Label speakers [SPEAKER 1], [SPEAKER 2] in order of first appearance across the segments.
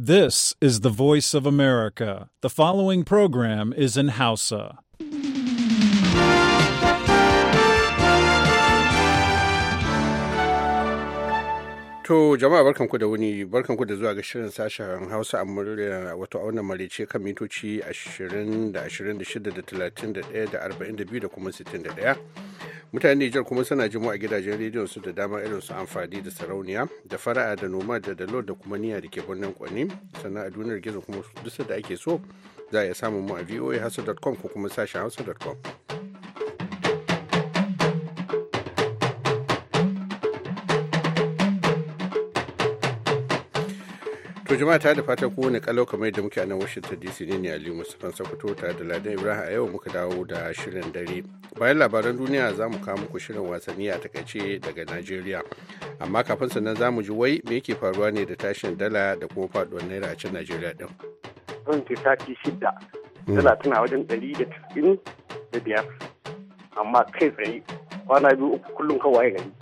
[SPEAKER 1] This is the voice of America. The following program is in Hausa. To
[SPEAKER 2] jama'a barkanku da wuni barkanku da zuwa ga shirin sashen Hausa a murya wato a wannan marice kan mitoci 20 da 26 da 31 da 42 da kuma 61. mutane Nijar kuma suna jin a gidajen rediyon su da dama irin su amfani da sarauniya da fara'a da noma da dalo da kuma niyya da ke birnin kwani sannan a duniyar gizo kuma duk da ake so za a iya samun mu a voahausa.com ko kuma sashen hausa.com. To jama'a ta da fatan kowane kalau kamar yadda muke a nan Washington DC ne ne Aliyu Mustapha Sokoto tare da Ladan Ibrahim a yau muka dawo da shirin dare. Bayan labaran duniya za mu kawo muku shirin wasanni a takaice daga Najeriya. Amma kafin sannan za mu ji wai me yake faruwa ne da tashin dala da kuma faduwar naira a can Najeriya din. Zan ce sati shida. Hmm. Dala tana wajen ɗari da tasirin
[SPEAKER 3] da biyar. Amma kai tsaye kwana biyu uku kullum kawai gari.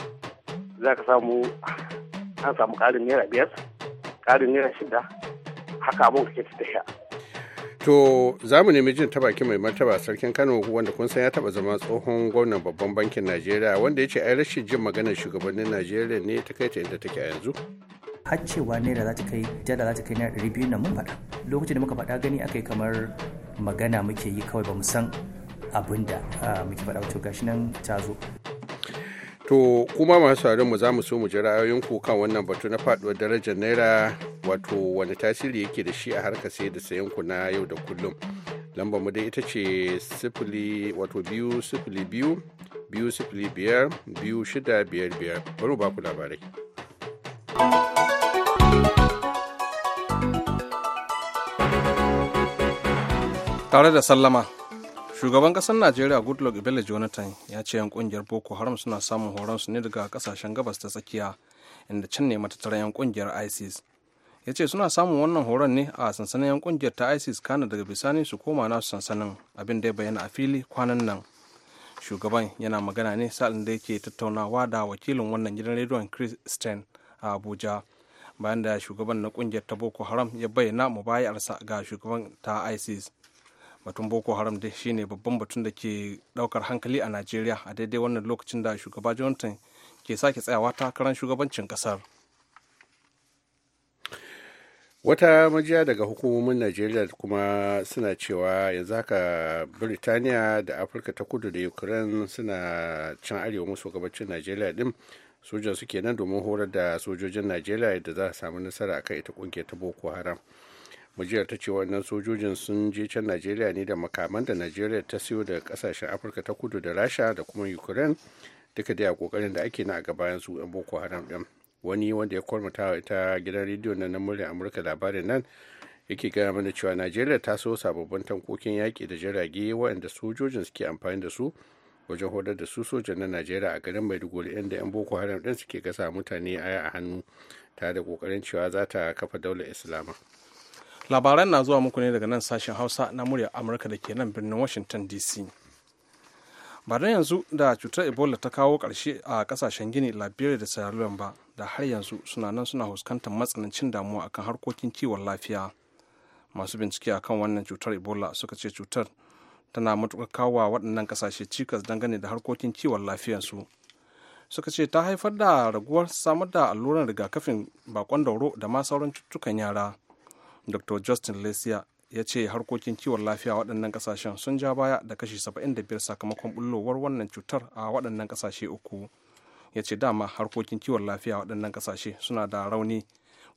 [SPEAKER 3] Za ka samu an samu ƙarin naira biyar ƙarin naira shida haka
[SPEAKER 2] abin kake ta tafiya. To za mu nemi jin tabaki mai martaba sarkin Kano wanda kun san ya taba zama tsohon gwamnan babban bankin Najeriya wanda ya ce ai rashin jin magana shugabannin Najeriya ne ta kai ta inda take a yanzu.
[SPEAKER 1] Har cewa naira za ta kai jada za ta kai naira ɗari biyu na mun faɗa. Lokacin da muka faɗa gani aka yi kamar magana muke yi kawai ba mu san abin da ah, muke faɗa wato gashi nan ta zo.
[SPEAKER 2] To kuma masu sauran mu za mu so mu ji ra'ayoyinku kan wannan batu na faduwar darajar naira wato wani tasiri yake da shi a harkar sai da sayan ku na yau da kullum. Lambar mu dai ita ce sifili wato biyu sifili biyu biyu sifili biyar biyu shida biyar biyar. Bari mu ba ku labarai.
[SPEAKER 4] Tare da sallama shugaban kasar najeriya goodluck ibele jonathan ya ce yan kungiyar boko haram suna samun horon su ne daga kasashen gabas ta tsakiya inda can ne matattaran yan kungiyar isis ya ce suna samun wannan horon ne a sansanin yan kungiyar ta isis kana daga bisani su koma nasu sansanin abin da ya bayyana a fili kwanan nan shugaban yana magana ne sa'in da yake tattaunawa da wakilin wannan gidan rediyon christian a abuja bayan da shugaban na kungiyar ta boko haram ya bayyana mubayarsa ga shugaban ta isis batun boko haram dai shine babban batun da ke daukar hankali a najeriya a daidai wannan lokacin da shugaba jonathan ke sake tsayawa takarar shugabancin kasar
[SPEAKER 2] wata majiya daga hukumomin najeriya kuma suna cewa yanzu haka birtaniya da afirka ta kudu da ukraine suna can arewa maso gabacin najeriya din sojan suke nan domin horar da sojojin najeriya da za a samu nasara akan ita kungiyar ta boko haram mujiyar ta ce wannan sojojin sun je can najeriya ne da makaman da najeriya ta siyo da kasashen afirka ta kudu da rasha da kuma ukraine duka a kokarin da ake na a gabayan su yan boko haram din wani wanda ya kwarmata ita gidan rediyo na na muryar amurka labarin nan yake gaya mana cewa najeriya ta so sababbin tankokin yaƙi da jirage waɗanda sojojin suke amfani da su wajen hodar da su sojan na najeriya a garin maiduguri inda 'yan boko haram ɗin suke gasa mutane aya a hannu tare da ƙoƙarin cewa za ta kafa daular islama
[SPEAKER 4] labaran na zuwa muku ne daga nan sashen hausa na muryar amurka da ke nan birnin washington dc ba don yanzu da cutar ebola ta kawo ƙarshe a ƙasashen gini liberia da sierra ba da har yanzu suna nan suna fuskantar matsanancin damuwa akan harkokin kiwon lafiya masu bincike akan wannan cutar ebola suka ce cutar tana matuƙar kawo waɗannan ƙasashe cikas dangane da harkokin kiwon lafiyarsu suka ce ta haifar da raguwar samar da alluran rigakafin bakon dauro da ma sauran cututtukan yara dr justin lesia ya ce harkokin kiwon lafiya a waɗannan ƙasashen sun ja baya da kashi 75 sakamakon bullowar wannan cutar a waɗannan ƙasashe uku ya ce dama harkokin kiwon lafiya a waɗannan ƙasashe suna da rauni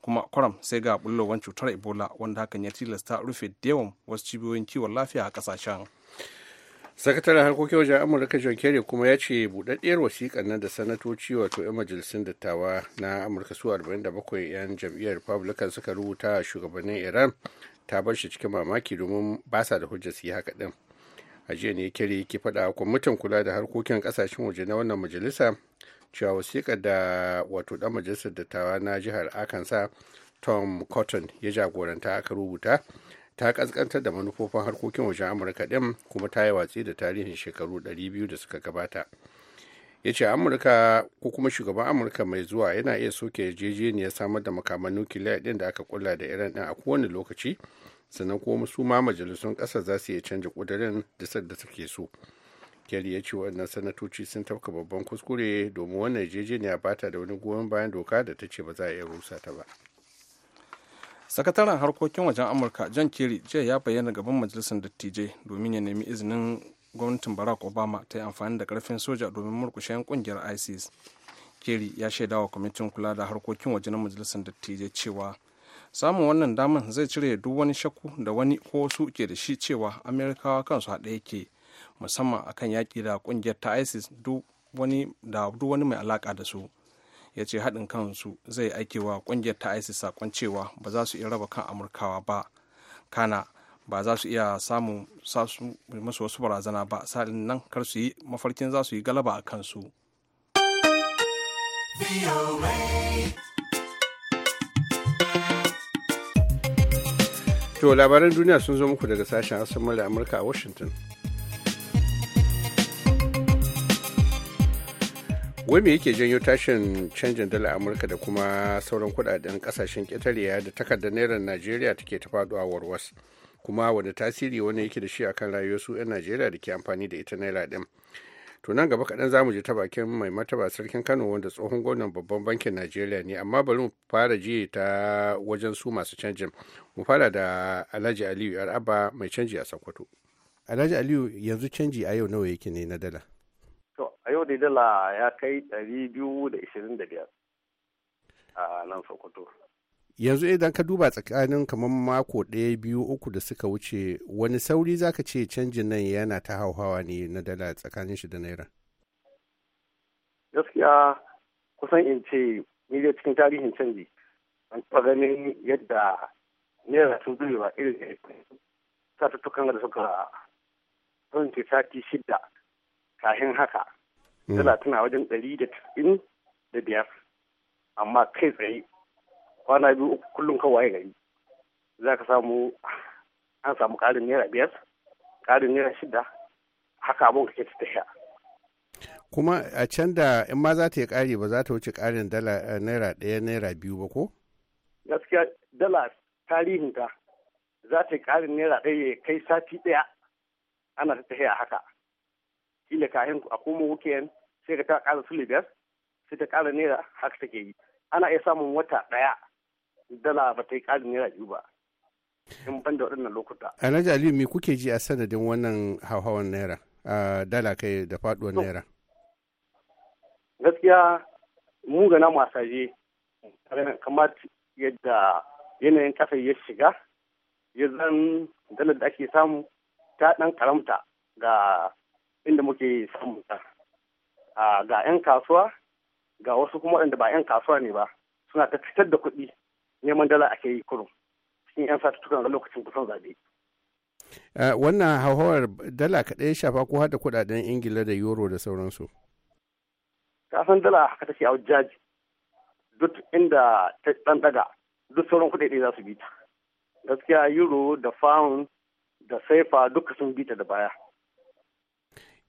[SPEAKER 4] kuma kwaram sai ga bullowar cutar ebola wanda hakan ya tilasta rufe da yawan wasu cibiyoyin kiwon lafiya a ƙasashen.
[SPEAKER 2] sakataren harkokin wajen amurka john kerry kuma ya ce budaddiyar wasiƙan nan da sanatoci wato 'yan majalisun dattawa na amurka su 47 'yan jam'iyyar republican suka rubuta shugabannin iran ta bar shi cikin mamaki domin ba sa da hujjar su yi haka din a jiya ne kerry yake faɗa kwamitin kula da harkokin ƙasashen waje na wannan majalisa cewa wasiƙar da wato ɗan majalisar dattawa na jihar sa tom cotton ya jagoranta aka rubuta ta kaskantar da manufofin harkokin wajen amurka ɗin kuma ta yi watsi da tarihin shekaru 200 da suka gabata ya ce amurka ko kuma shugaban amurka mai zuwa yana iya soke yarjejeniyar samar da makaman nukiliya ɗin da aka kulla da iran ɗin a kowane lokaci sannan kuma su ma majalisun ƙasa za su iya canza ƙudurin da da suke so kelly ya ce waɗannan sanatoci sun tafka babban kuskure domin wannan yarjejeniya ba ta da wani goyon bayan doka da ta ce ba za a iya rusa ta ba
[SPEAKER 4] sakataren harkokin wajen amurka john kerry jiya ya bayyana gaban majalisar dattijai domin ya nemi izinin gwamnatin barack obama ta yi amfani da karfin soja domin murkushe 'yan kungiyar isis kerry ya shaida wa kwamitin kula da harkokin waje na majalisar dattijai cewa samun wannan daman zai cire duk wani shakku da wani ko wasu ke da shi cewa amerikawa kansu haɗe yake musamman akan yaƙi da kungiyar ta isis duk wani mai alaƙa da su ya ce haɗin kansu zai wa ƙungiyar ta isis saƙon cewa ba za su iya raba kan amurkawa ba kana ba za su iya samun sasu masu wasu barazana ba sa'in nan kar su yi mafarkin za su yi galaba a kansu
[SPEAKER 2] To labaran duniya sun zo muku daga sashen asamar da Amurka a Washington. wai me yake janyo tashin canjin dala amurka da kuma sauran kudaden kasashen ƙetare da takardar naira najeriya take ta a warwas kuma wani tasiri wani yake da shi akan rayuwar su 'yan najeriya da ke amfani da ita naira din to nan gaba kaɗan zamu je ta bakin mai mataba sarkin kano wanda tsohon gwamnan babban bankin najeriya ne amma bari mu fara ji ta wajen su masu canjin mu fara da alhaji aliyu yar'aba mai canji a sokoto alhaji aliyu yanzu canji a yau nawa yake ne na dala
[SPEAKER 3] yau dala ya kai ɗari biyu da
[SPEAKER 5] a nan sokoto
[SPEAKER 2] yanzu idan ka duba tsakanin kamar mako ɗaya biyu uku da suka wuce wani sauri zaka ce canjin nan yana ta hauhawa ne na dala tsakanin shi da naira
[SPEAKER 3] gaskiya kusan in ce miliyan cikin tarihin canji an taɓa ganin yadda naira sun zube ba irin satuttukan da suka sun ce sati shida kafin haka dala mm. tana wajen ɗari da cikin da biyar amma kai tsaye kwana biyu kullum kawai gari za ka samu an samu ƙarin naira biyar ƙarin naira shida haka abin kake ta sha
[SPEAKER 2] kuma a can da in ma za ta yi ƙari ba za ta wuce ƙarin dala eh, naira ɗaya naira biyu ba ko
[SPEAKER 3] gaskiya dala tarihinka za ta yi ƙarin naira ɗaya kai sati ɗaya ana ta tafiya haka kila kayan a kuma weekend sai ka ta ƙara sule biyar sai ta ƙara naira haka take yi ana iya samun wata ɗaya dala ba ta yi ƙarin naira biyu ba in ban da waɗannan lokuta.
[SPEAKER 2] Alhaji Aliyu me kuke ji a sanadin wannan hauhawan naira dala kai da faɗuwar naira?
[SPEAKER 3] Gaskiya mu ga namu asaje kamar yadda yanayin kasa ya shiga ya zan dalar da ake samu ta ɗan karamta ga inda muke samu ta. ga 'yan kasuwa ga wasu kuma waɗanda ba 'yan kasuwa ne ba suna ta fitar da kuɗi neman dala ake yi kurum cikin 'yan a lokacin kusan zaɓe.
[SPEAKER 2] wannan hauhawar dala kaɗai ya shafa ko da kuɗaɗen ingila da euro da sauransu.
[SPEAKER 3] kasan dala haka take a jaji duk inda ta ɗan ɗaga duk sauran kuɗaɗe za su bi ta gaskiya euro da pound da saifa duka sun bi ta da baya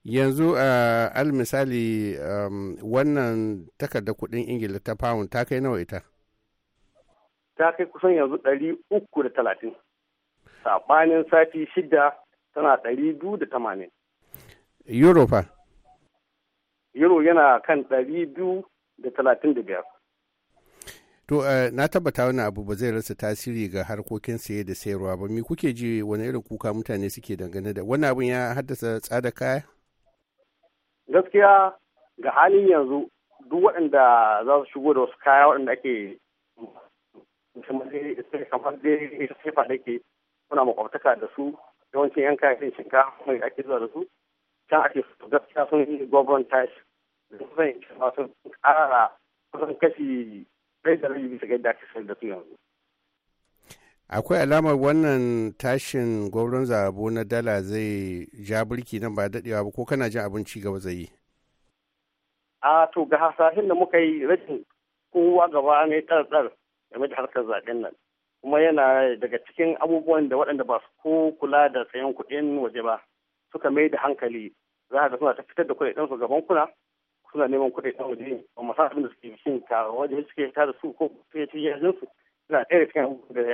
[SPEAKER 2] yanzu eh, al misali um, wannan takardar kuɗin ingila ta pound ta kai nawa ita
[SPEAKER 3] ta kai kusan yanzu dari uku da talatin saɓanin sati shida tana dari biyu da tamanin
[SPEAKER 2] euro fa
[SPEAKER 3] euro yana kan dari biyu da talatin da biyar
[SPEAKER 2] To uh, na tabbata wani abu ba zai rasa tasiri ga harkokin saye da sayarwa ba. Me kuke ji wani irin kuka mutane suke dangane da wani abin ya haddasa tsada kaya?
[SPEAKER 3] gaskiya ga halin yanzu duk waɗanda za su shigo da wasu kaya waɗanda ake kamar dai sefa da ke kuna makwabtaka da su yawancin yan kayan shinkafa mai ake zuwa da su can ake gaskiya sun yi gwamnan tashi da sun ƙara kusan kashi ɗaya da rabi bisa ga yadda ake sayar da su yanzu.
[SPEAKER 2] akwai alamar wannan tashin gwauron zabo na dala zai ja birki nan ba daɗewa ba ko kana jin abin ci gaba zai yi
[SPEAKER 3] a to ga hasashen da muka yi rashin kowa gaba ne tsar game da harkar zaɓen nan kuma yana daga cikin abubuwan da waɗanda ba su ko kula da sayan kuɗin waje ba suka mai da hankali za ga suna ta fitar da kuɗaɗen su gaban kuna suna neman kuɗaɗen waje ba masu abin da suke bikin ka waje suke ta da su ko suke cikin su suna ɗaya da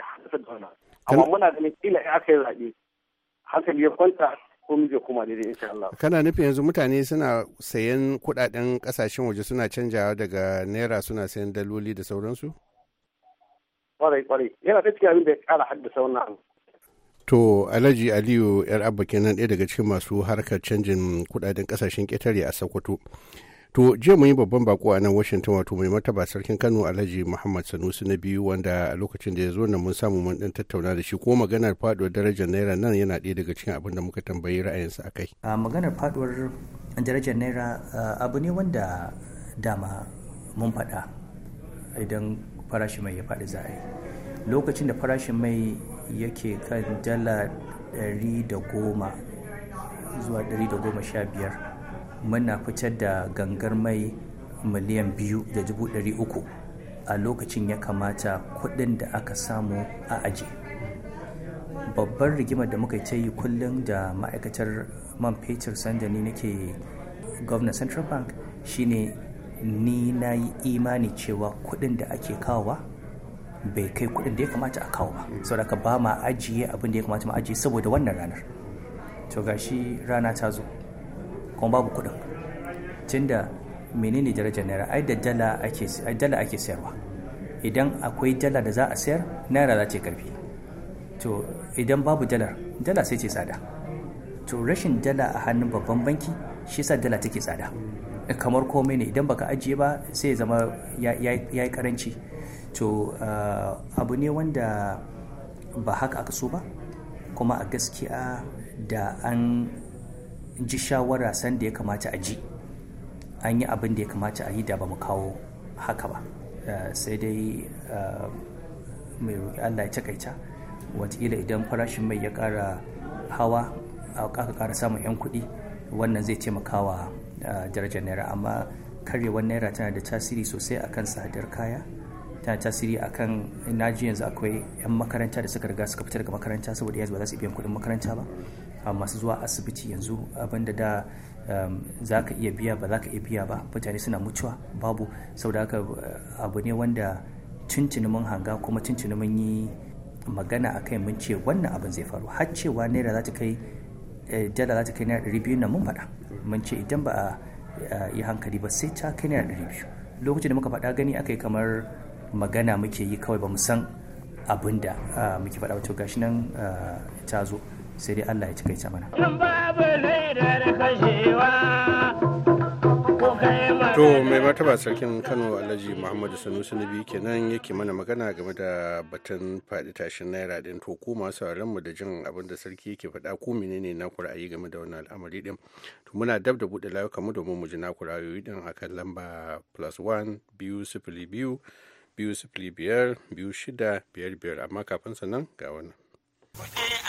[SPEAKER 3] ya kwanta ko
[SPEAKER 2] kana nufin yanzu mutane suna sayan kuɗaɗen ƙasashen waje suna canjawa daga naira suna sayan daloli da sauransu
[SPEAKER 3] kwarai kwarai yana da cikin abin da ya ƙara haddasa wannan
[SPEAKER 2] To Alhaji Aliyu ‘yar abba kenan ɗaya daga cikin masu harkar canjin kudaden ƙasashen ƙetare a Sokoto. To jiya mun yi babban bako a nan Washington wato mai martaba sarkin Kano Alhaji Muhammad Sanusi na biyu wanda a lokacin da ya zo nan mun samu mun dan tattauna da shi ko maganar faduwar darajar naira nan yana ɗaya daga cikin abin da muka tambayi ra'ayinsa a kai.
[SPEAKER 1] maganar faduwar darajar naira abu ne wanda dama mun faɗa idan farashin mai ya faɗi za a yi. Lokacin da farashin mai yake kan dala ɗari da goma zuwa ɗari da goma sha biyar muna fitar da gangar mai miliyan biyu da dubu ɗari uku a lokacin ya kamata kuɗin da aka samu a aji babbar rigimar da muka ta yi kullum da ma'aikatar man fetur sanda ni nake gwamnan central bank shine ni na yi imani cewa kuɗin da ake kawowa bai kai kuɗin da ya kamata a kawo ba saboda ba ma ajiye abin da ya kamata mu ajiye saboda wannan ranar to gashi rana ta zo kuma babu kuɗin tunda menene darajar naira ai da dala ake sayarwa idan akwai dala da za a sayar naira za ce karfi to idan babu dalar dala sai ce tsada to rashin dala a hannun babban banki shi sa dala take tsada kamar komai ne idan baka ajiye ba sai zama ya yi karanci to eh, abu ne wanda ba haka aka so ba kuma a gaskiya da an ji shawara sanda ya kamata a ji an yi abin da ya kamata a yi da ba mu kawo haka ba eh, sai dai eh, mai roƙi allah ya takaita watakila idan farashin mai ya ƙara hawa aka ƙara samun 'yan kuɗi wannan zai taimakawa eh, darajar naira amma karyewar naira tana da tasiri sosai akan tsadar kaya tana tasiri akan naji yanzu akwai 'yan makaranta da suka riga suka fitar daga makaranta saboda yanzu ba za su biyan kuɗin makaranta ba masu zuwa asibiti yanzu abinda da um, za ka iya biya ba za ka iya biya ba mutane suna mutuwa babu saboda haka uh, abu ne wanda cincini mun hanga kuma cincini mun yi magana a kai mun ce wannan abin zai faru har cewa naira za ta kai eh, dala za ta kai naira ɗari biyu na mun faɗa mun ce idan ba a uh, yi hankali ba sai ta kai naira ɗari biyu lokacin da muka faɗa gani aka yi kamar magana muke yi kawai ba mu san abin da uh, muke faɗa ba gashi nan ta zo sai dai Allah ya cika ya mana to mai martaba sarkin kano alhaji
[SPEAKER 2] muhammadu sanusi na biyu kenan yake mana magana game da batun faɗi tashin naira din to ko masu mu da jin abin da sarki yake faɗa ku menene na ra'ayi game da wannan al'amari din to muna dab da buɗe layuka mu domin mu ji na ra'ayoyi din akan lamba plus one biyu sifili biyu biyu sifili biyar biyu shida biyar biyar amma kafin sannan ga wannan.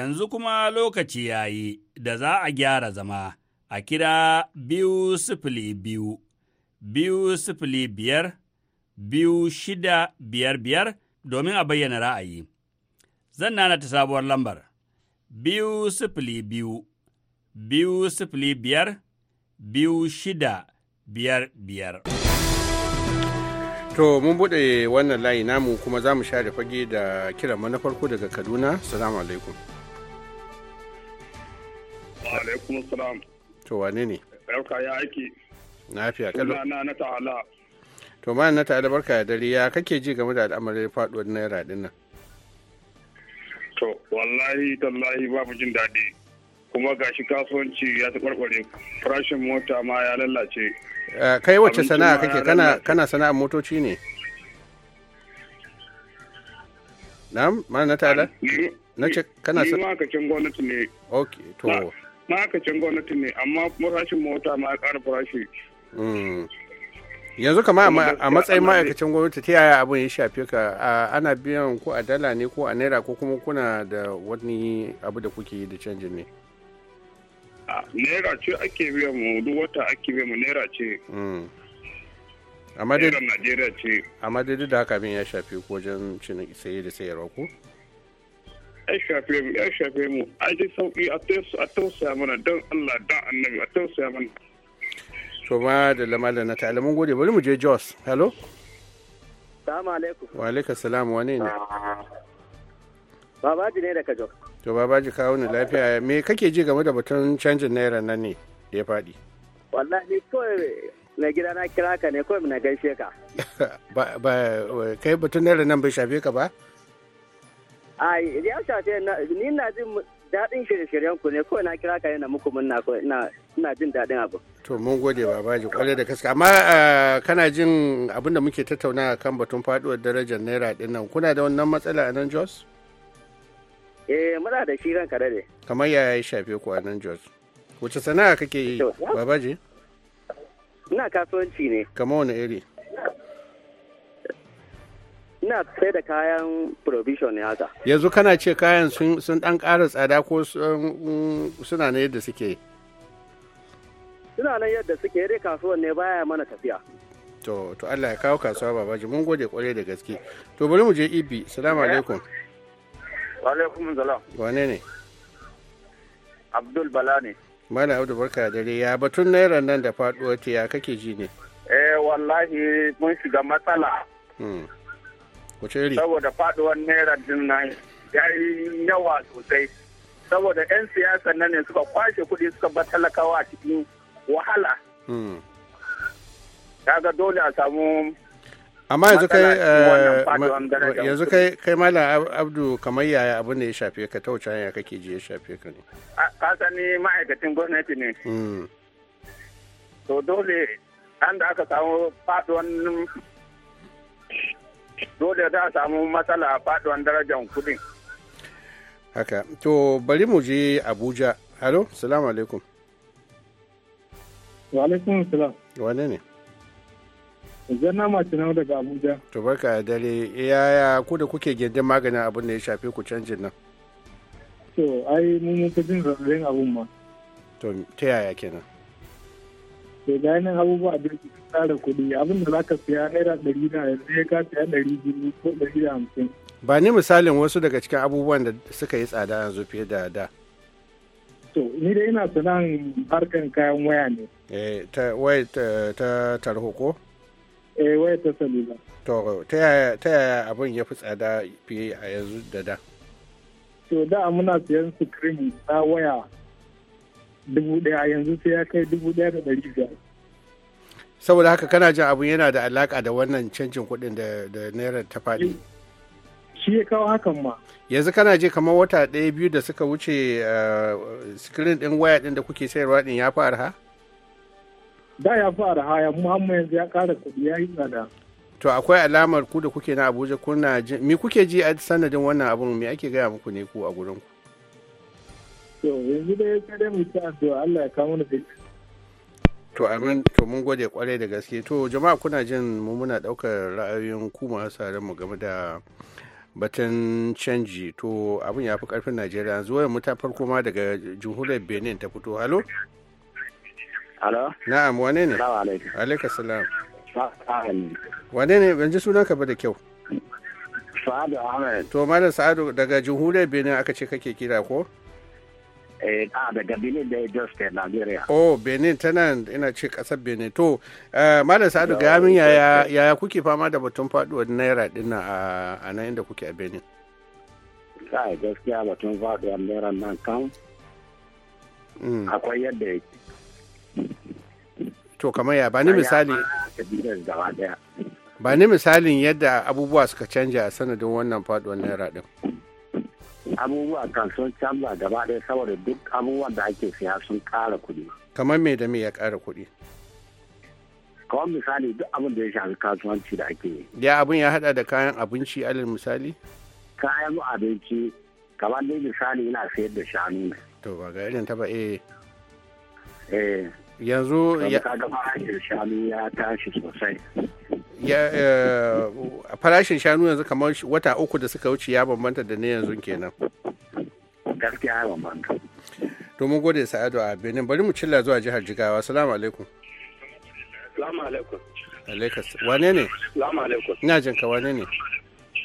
[SPEAKER 5] yanzu kuma lokaci ya yi da za a gyara zama a kira biyu sifili biyu, biyu sifili biyar, biyu shida biyar biyar domin a bayyana ra'ayi. Zan nana ta sabuwar lambar, biyu sifili biyu, biyu sifili biyar, biyu shida
[SPEAKER 2] biyar biyar. To mun buɗe wannan layi namu kuma za mu share fage da kiran na farko daga Kaduna. Salamu alaikum.
[SPEAKER 5] alaikum salam to wane ne barka ya aiki
[SPEAKER 2] lafiya kallon
[SPEAKER 5] na na ta'ala
[SPEAKER 2] to ma na ta'ala barka ya dare ya kake ji game da al'amarin faduwar naira din nan
[SPEAKER 5] to wallahi tallahi babu jin daɗi kuma gashi kasuwanci ya taɓarɓare farashin mota ma
[SPEAKER 2] ya lallace eh, kai wacce sana'a kake kana kana sana'ar motoci ne na ma na ta'ala na ce kana sana'a
[SPEAKER 5] ni ma gwamnati ne
[SPEAKER 2] okay to
[SPEAKER 5] ma'aikacin gwamnati ne amma farashin mota ma ƙara
[SPEAKER 2] farashi. Hmm. yanzu kama a matsayin ma'aikacin gwamnati ta yaya abin ya shafe ka ana biyan ko a dala ne ko a naira ko kuma kuna da wani abu da kuke yi da canjin ne
[SPEAKER 5] naira ce ake biyan mu duk wata ake biyan mu naira ce
[SPEAKER 2] hmm. amma dai
[SPEAKER 5] najeriya ce
[SPEAKER 2] amma duk da haka abin ya shafe ko wajen cin saye da sayarwa ko
[SPEAKER 5] ya shafe mu ya shafe mu a ji sauki a tausaya mana don Allah don annabi a tausaya mana
[SPEAKER 2] to ma da lamala na ta'ala mun gode bari mu je Jos hello
[SPEAKER 5] salamu
[SPEAKER 3] alaikum wa
[SPEAKER 2] alaikum salam wane ne
[SPEAKER 3] babaji ne daga Jos
[SPEAKER 2] to babaji kawo ni lafiya me kake ji game da batun canjin naira nan ne ya faɗi
[SPEAKER 3] wallahi kawai na gida na kira ka ne kawai na gaishe ka
[SPEAKER 2] ba kai batun naira nan bai shafe ka ba
[SPEAKER 3] Ai, ya shafe ni na jin daɗin shirye-shiryen ku ne kawai na kira ka yana muku munna ko ina ina jin daɗin abu.
[SPEAKER 2] To mun gode babaji kwarai da gaske amma ah, kana jin abin da muke tattauna kan batun faduwar darajar naira din nan kuna da wannan matsala a nan Jos?
[SPEAKER 5] Eh muna da shi ka dade.
[SPEAKER 2] Kamar ya ya shafe ku a nan Jos? Wace sana'a kake yi babaji? Ina kasuwanci ne. Kamar wani iri?
[SPEAKER 3] ina sai da kayan provision ne haka
[SPEAKER 2] yanzu kana ce kayan sun dan ƙara tsada ko suna na yadda suke
[SPEAKER 3] suna nan yadda suke dai kasuwan ne baya mana tafiya
[SPEAKER 2] to to Allah ya kawo kasuwa babaji mun gode kwarai da gaske to bari mu je ibi salamu alaikum
[SPEAKER 5] wa alaikum salam wane ne abdul bala ne
[SPEAKER 2] mala abdul barka dare ya batun naira nan da faduwar ta ya kake ji ne
[SPEAKER 5] eh wallahi mun shiga matsala
[SPEAKER 2] hmm. saboda
[SPEAKER 5] faduwar naira din nan ya yi yawa sosai saboda 'yan siyasa nan ne suka kwashe kuɗi suka bar talakawa a cikin wahala hmm. kaga dole a samu
[SPEAKER 2] amma yanzu kai eh, yanzu kai kai malam abdu kamar yaya abin da ya shafe ka ta wuce ya kake ji ya shafe ka ne
[SPEAKER 5] ka sani ma'aikacin gwamnati ne hmm. to dole an da aka samu faduwar dole za a samu matsala a faduwan darajar kudin.
[SPEAKER 2] Haka, to bari mu je Abuja. Halo, salamu alaikum. Wa
[SPEAKER 4] alaikum salam.
[SPEAKER 2] Wane ne? Zanna Martinau daga Abuja. To barka da dare, yaya ku da kuke gindin maganin abin da ya shafi ku canjin nan? To,
[SPEAKER 5] ai mun mutu jin rarrayin abun ma.
[SPEAKER 2] To, ta yaya kenan?
[SPEAKER 5] da ga abubuwa da ke tsara kuɗi abin da za ka siya naira ɗari na yanzu ya ka siya ɗari biyu ko ɗari da hamsin.
[SPEAKER 2] ba ni misalin wasu daga cikin abubuwan da suka yi tsada yanzu fiye da da. to ni
[SPEAKER 5] dai ina sanan harkan kayan waya ne.
[SPEAKER 2] eh ta waya ta tarho ko. eh waya ta salula. to ta yaya abin ya fi tsada fiye a yanzu da da. to da muna siyan
[SPEAKER 5] sikirin na waya dubu ɗaya yanzu sai ya kai dubu ɗaya da ɗari biyar.
[SPEAKER 2] saboda haka kana jin abu yana da alaka da wannan canjin kuɗin da naira ta faɗi. shi ya kawo hakan ma. yanzu kana je kamar wata ɗaya biyu da suka wuce eh, sikirin ɗin waya ɗin da kuke sayarwa ɗin ya fi arha?
[SPEAKER 5] da ya fi arha ya muhammu yanzu ya ƙara kuɗi ya yi tsada.
[SPEAKER 2] to akwai alamar ku da kuke na abuja kuna ji me kuke ji a sanadin wannan abun me ake gaya muku ne ku a gurin ku.
[SPEAKER 5] to yanzu da sai dai mu ci addu'a Allah ya kawo mana fita
[SPEAKER 2] to amin to mun gode kwarai da gaske to jama'a kuna jin mu muna daukar ra'ayoyin ku ma masu mu game da batun canji to abin ya fi karfin najeriya yanzu wayar mu ta farko ma daga jamhuriyar benin ta fito halo halo na'am wane ne alaika salam wane ne ban ji sunan ka ba da kyau sa'adu ahmed to malam sa'adu daga jamhuriyar benin aka ce kake kira ko
[SPEAKER 5] Eh, ah, daga benin da jos ke
[SPEAKER 2] nigeria oh benin ta nan ina ce kasar benin to eh, malam sa'adu ga yamin yaya kuke fama da batun faduwar naira dina a nan inda kuke a benin
[SPEAKER 5] kai gaskiya batun faduwar naira
[SPEAKER 2] nan kan hmm.
[SPEAKER 5] akwai yadda yake
[SPEAKER 2] to kamar ya bani misali ba ni misalin yadda abubuwa suka canja a sanadin wannan faduwar naira din
[SPEAKER 5] abubuwa kan sun canza gaba ɗaya saboda duk abubuwan da ake siya sun ƙara kuɗi.
[SPEAKER 2] kamar me da me ya ƙara kuɗi
[SPEAKER 5] Kawan misali duk abin da ya shafi kasuwanci da ake yi
[SPEAKER 2] ya abin ya hada da kayan abinci alal misali kayan abinci kamar dai misali ina sayar da shanu ne to ba ga irin taba eh eh yanzu ya kaga farashin shanu ya tashi sosai Eh, farashin shanu yanzu kamar wata uku da suka wuce ya bambanta da ne yanzu kenan gaskiya ya bambanta Domin mun gode sa'adu a benin bari mu cilla zuwa jihar jigawa salamu alaikum
[SPEAKER 5] salamu alaikum
[SPEAKER 2] alaikas wane ne
[SPEAKER 5] salamu alaikum
[SPEAKER 2] ina jinka wane ne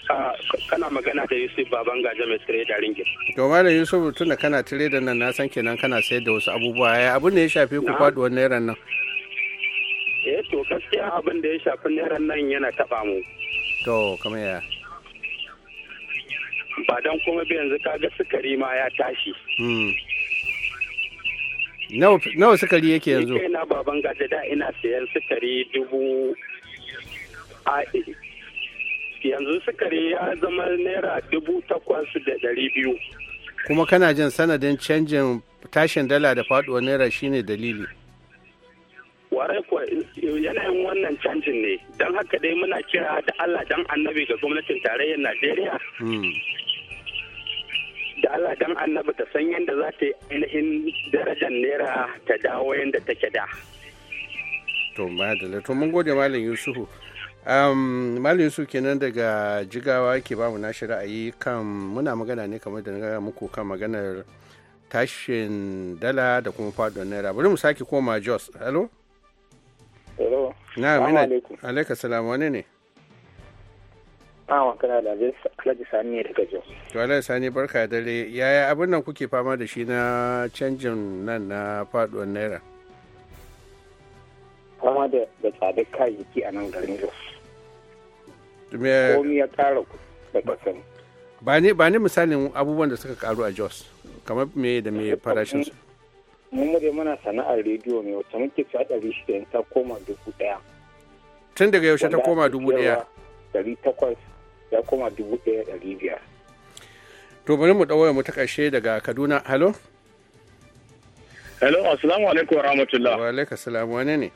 [SPEAKER 5] ah, kana magana da yusuf baban gaja mai tire da ringin
[SPEAKER 2] to malam yusuf tunda kana tire da nan na san kenan kana sayar da wasu abubuwa ya abu da ya shafe ku faɗuwar naira nan
[SPEAKER 5] eh to gaskiya abin da ya shafi naira nan yana taba mu
[SPEAKER 2] to kamar ya
[SPEAKER 5] ba dan kuma bi yanzu kaga sukari ma ya tashi
[SPEAKER 2] hmm. nawa sukari yake yanzu kai
[SPEAKER 5] na baban gaje da ina sayan sukari dubu a yanzu sukari ya zama naira dubu takwas da dari biyu
[SPEAKER 2] kuma kana jin sanadin canjin tashin dala da faduwar naira shine dalili
[SPEAKER 5] kwarai ko yanayin wannan canjin ne don haka dai muna kira da Allah dan annabi ga gwamnatin tarayyar Najeriya hmm. da Allah dan annabi ta san yadda za ta yi ainihin darajar naira ta dawo yadda take da.
[SPEAKER 2] To madalla to mun gode malam Yusufu. Um, malam Yusuf kenan daga jigawa ke ba mu nashi ra'ayi kan muna magana ne kamar da na muku kan maganar tashin dala da kuma faɗin naira bari mu sake koma Jos. Hello? Na'am ina alaika salam wani ne?
[SPEAKER 5] A magana da Alhaji Sani ne daga Jos.
[SPEAKER 2] To Alhaji Sani barka da dare. Yaya abin nan kuke fama da shi na canjin nan na faduwar naira?
[SPEAKER 5] Fama da da tsada kayayyaki a nan garin Jos.
[SPEAKER 2] komai
[SPEAKER 5] ya kara da kasan.
[SPEAKER 2] Ba ni misalin abubuwan da suka karu a Jos. Kamar me da me farashin su.
[SPEAKER 5] mun mure muna sana'ar rediyo ne wacce muke ci ɗari shida ta koma dubu ɗaya.
[SPEAKER 2] Tun daga yaushe ta koma dubu ɗaya?
[SPEAKER 5] dari takwas ya koma dubu ɗaya dari biyar.
[SPEAKER 2] To bari mu dawo mu ta ƙarshe daga Kaduna. Halo? halo assalamu alaikum wa rahmatullah. Wa alaikum salam wane
[SPEAKER 5] ne?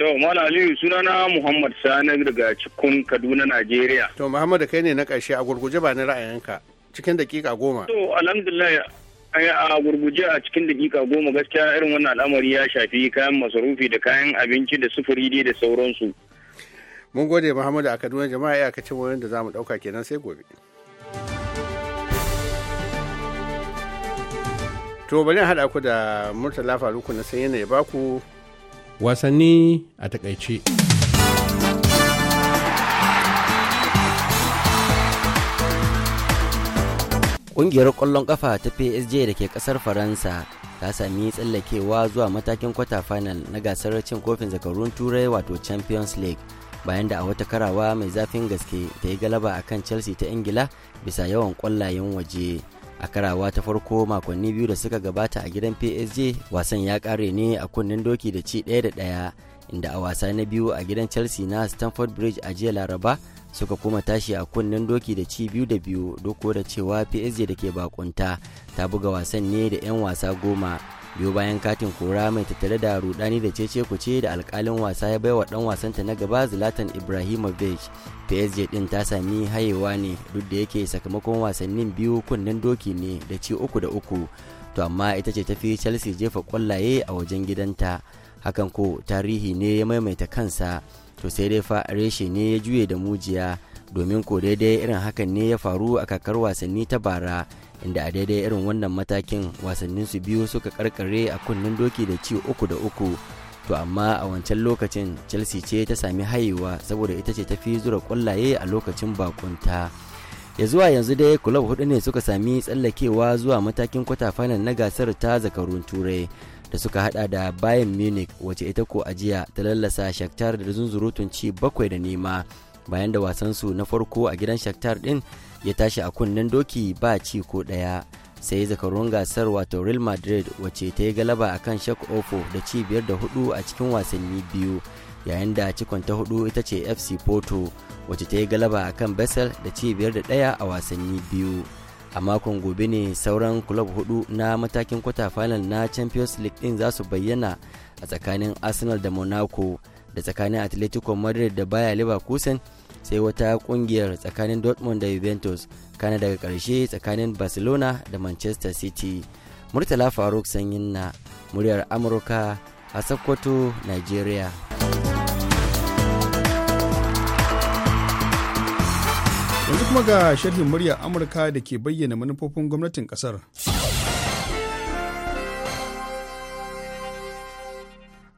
[SPEAKER 5] To, Mala Aliyu sunana Muhammad Sani daga cikin Kaduna,
[SPEAKER 2] Najeriya. To, Muhammad kai ne na ƙarshe a gurguje ba na ra'ayinka cikin dakika goma.
[SPEAKER 5] To, alhamdulillah a gurguje a cikin dakika goma gaskiya irin wannan al'amari ya shafi kayan masarufi da kayan abinci da sufuri dai da sauransu
[SPEAKER 2] mun gode muhammadu a kaduna jama'a ya iyakacin wayoyin da za mu ɗauka kenan sai gobe to bari haɗa ku da murtala faruku na san ya baku wasanni a takaice.
[SPEAKER 6] Ƙungiyar ƙwallon ƙafa ta PSG da ke ƙasar Faransa ta sami tsallakewa zuwa matakin kwata final na gasar cin kofin zakarun Turai wato Champions League bayan da a wata karawa mai zafin gaske ta yi galaba a kan Chelsea ta Ingila bisa yawan ƙwallayen waje. A karawa ta farko makonni biyu da suka gabata a gidan PSG wasan ya ƙare ne a kunnen doki da ci ɗaya da ɗaya inda a wasa na biyu a gidan Chelsea na Stamford Bridge a jiya Laraba suka kuma tashi a kunnen doki da ci biyu da biyu duk da cewa PSG da ke bakunta ta buga wasan ne da 'yan wasa goma biyu bayan katin kora mai tattare da rudani da cece kuce da alkalin wasa ya bai baiwa dan wasanta na gaba zlatan ibrahimovic psg din ta sami hayewa ne duk da yake sakamakon wasannin biyu kunnen doki ne da ci uku da uku to amma ita ce tafi chelsea jefa kwallaye a wajen gidanta hakan ko tarihi ne ya maimaita kansa to sai dai fa reshe ne ya juye da mujiya domin ko daidai irin hakan ne ya faru a kakar wasanni ta bara inda a daidai irin wannan matakin wasannin su biyu suka karkare a kunnen doki da ci uku da uku to amma a wancan lokacin chelsea ce ta sami hayewa saboda ita ce ta fi zura kwallaye a lokacin bakunta ya zuwa yanzu dai kulob hudu ne suka sami tsallakewa zuwa matakin kwata na gasar ta zakarun turai da suka hada da bayan Munich wace ita ko ajiya ta lallasa Shakhtar da zunzurutun ci bakwai da nema bayan da wasansu na farko a gidan Shakhtar din ya tashi a kunnen doki ba ci ko daya sai zakarun gasar wato Real Madrid wace ta yi galaba a akan Shak Ofo da ci biyar da hudu a cikin wasanni biyu yayin da cikon ta hudu ita ce FC Porto wace ta yi galaba akan Basel da ci biyar da daya a wasanni biyu. a makon gobe ne sauran kulob hudu na matakin kwata final na champions league din za su bayyana a tsakanin arsenal da monaco da tsakanin atletico madrid da baya leverkusen sai wata kungiyar tsakanin dortmund da juventus kana daga karshe tsakanin barcelona da manchester city murtala faruk sanyin na muryar amurka a sokoto nigeria
[SPEAKER 7] yanzu kuma ga sharhin muryar amurka da ke bayyana manufofin gwamnatin kasar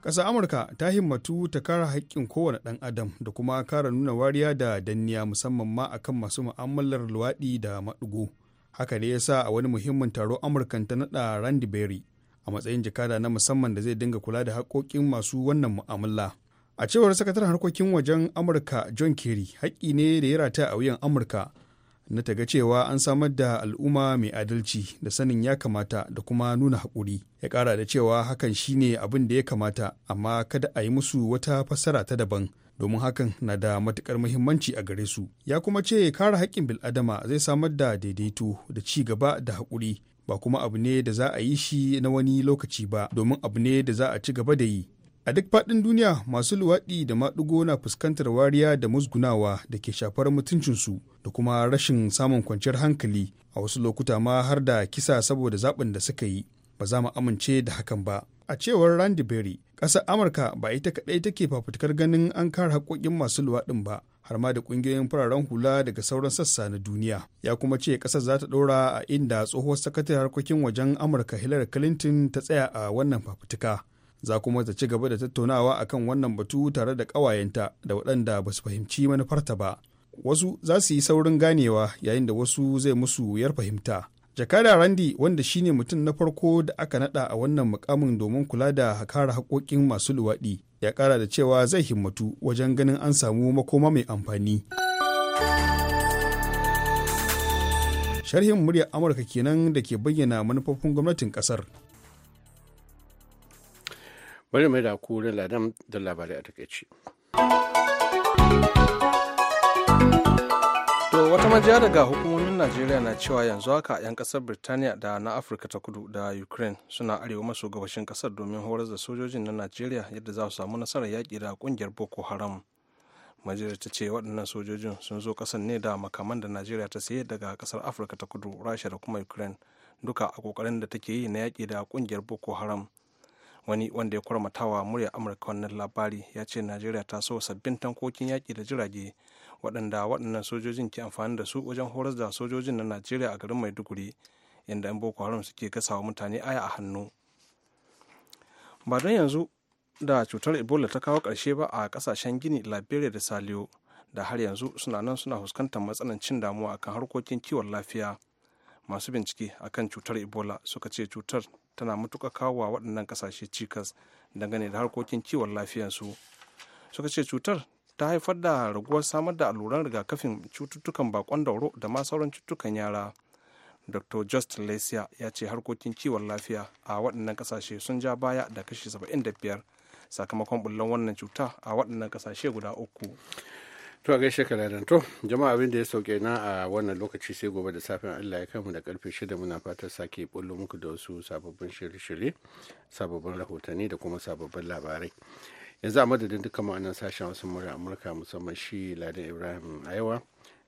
[SPEAKER 7] ƙasar amurka ta himmatu ta kare haƙƙin kowane ɗan adam da kuma kara nuna wariya da danniya musamman ma akan masu mu'amalar luwaɗi da maɗigo haka ne ya sa a wani muhimmin taro amurkan ta naɗa randy berry a matsayin jakada na musamman da zai dinga kula da haƙoƙin masu wannan mu'amala a cewar sakataren harkokin wajen amurka john kerry haƙƙi ne da ya rata a wuyan amurka na ta ga cewa an samar da al'umma mai adalci da sanin ya kamata da kuma nuna haƙuri ya ƙara da cewa hakan shi ne abin da ya kamata amma kada a yi musu wata fassara ta daban domin hakan na da matuƙar muhimmanci a gare su ya kuma ce kare haƙƙin bil'adama zai samar da daidaito da ci gaba da haƙuri ba kuma abu ne da za a yi shi na wani lokaci ba domin abu ne da za a ci gaba da yi a duk faɗin duniya masu luwaɗi da maɗigo na fuskantar wariya da musgunawa da ke shafar mutuncinsu da kuma rashin samun kwanciyar hankali a wasu lokuta ma har da kisa saboda zaɓin da suka yi ba za mu amince da hakan ba a cewar randy berry ƙasar amurka ba ita kaɗai take fafutukar ganin an kare haƙoƙin masu luwaɗin ba har ma da ƙungiyoyin fararen hula daga sauran sassa na duniya ya kuma ce ƙasar za ta ɗora a inda tsohuwar sakatar harkokin wajen amurka hillary clinton ta tsaya a wannan fafutuka za kuma ta ci gaba da tattaunawa akan wannan batu tare da ƙawayenta da waɗanda ba su fahimci manufarta ba wasu za su yi saurin ganewa yayin da wasu zai musu wuyar fahimta jakada randi wanda shine mutum na farko da aka nada a wannan mukamin domin kula da kare haƙoƙin masu luwaɗi ya ƙara da cewa zai himmatu wajen ganin an samu makoma mai amfani sharhin muryar amurka kenan da ke bayyana manufofin gwamnatin ƙasar
[SPEAKER 2] bari mai da
[SPEAKER 4] ku ladan da labarai a takaici. To wata majiya daga hukumomin Najeriya na cewa yanzu haka 'yan kasar Birtaniya da na Afirka ta kudu da Ukraine suna arewa maso gabashin kasar domin horar da sojojin na Najeriya yadda za su samu nasarar yaƙi da kungiyar Boko Haram. Majiyar ta ce waɗannan sojojin sun zo ƙasar ne da makaman da Najeriya ta saye daga kasar Afirka ta kudu, Rasha da kuma Ukraine duka a ƙoƙarin da take yi na yaƙi da ƙungiyar Boko Haram. wani wanda ya kwarmatawa murya amurka wannan labari ya ce najeriya ta so sabbin tankokin yaƙi da jirage waɗanda waɗannan sojojin ke amfani da su wajen horar da sojojin na najeriya a garin maiduguri inda 'yan boko haram suke gasawa mutane aya a hannu ba don yanzu da cutar ebola ta kawo ƙarshe ba a ƙasashen gini liberia da saliyo da har yanzu suna nan suna fuskantar matsanancin damuwa akan harkokin kiwon lafiya masu bincike akan cutar ebola suka ce cutar tana matuƙa kawo wa waɗannan ƙasashe cikas dangane da harkokin kiwon lafiyansu suka ce cutar ta haifar da raguwar samar da alluran rigakafin cututtukan bakon dauro da ma sauran cututtukan yara dr just lesia ya ce harkokin kiwon lafiya a waɗannan ƙasashe sun ja baya da kashi 75 sakamakon bullon wannan cuta a waɗannan ƙasashe guda uku to a gaishe ka to
[SPEAKER 2] jama'a abin da ya sauke na a wannan lokaci sai gobe da safin allah ya kama da karfe shida muna fatar sake bullo muku da wasu sababbin shirye-shirye sababbin rahotanni da kuma sababbin labarai yanzu a madadin dukkan ma'anan sashen wasu murya amurka musamman shi ladan ibrahim ayawa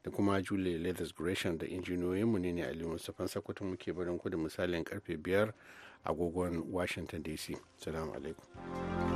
[SPEAKER 2] da kuma jule leathers gresham da injiniyoyinmu ne ne aliyu mustapha sakwato muke barin kudu misalin karfe biyar agogon washington dc salamu alaikum